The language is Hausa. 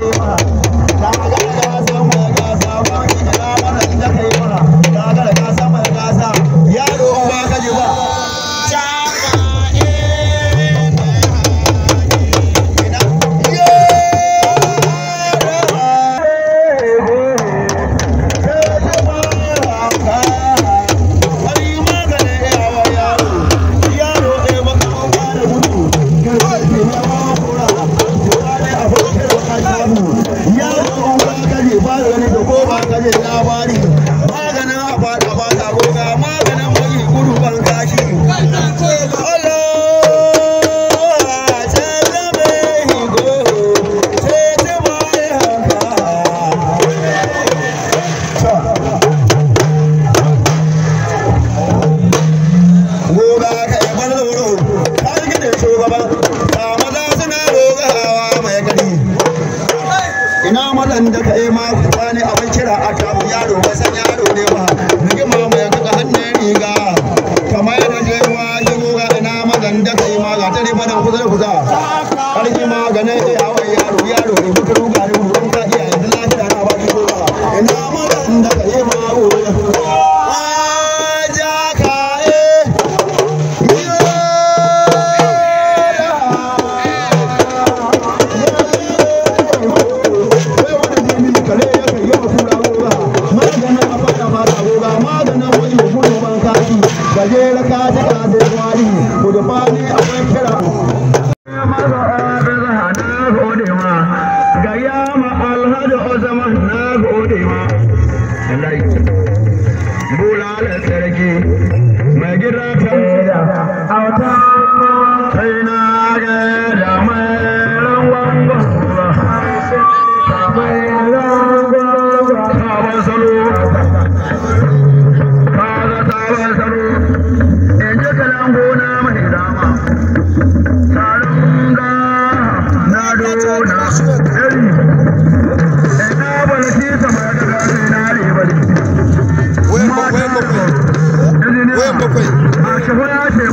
Yeah. ma fita abin kira a tamu yaro ba san yaro ne ba rigima mai kaka hannun riga kamar yana je ma yi goga ina maganda kai ma ga ta ne ba da kusa da kusa ƙarfi ma ganin iya eh, hawa yaro yaro ne kuka ruga daji ka zai kwari kudu bani akwai kira Wayar bakwai. Wayar bakwai. A shahuna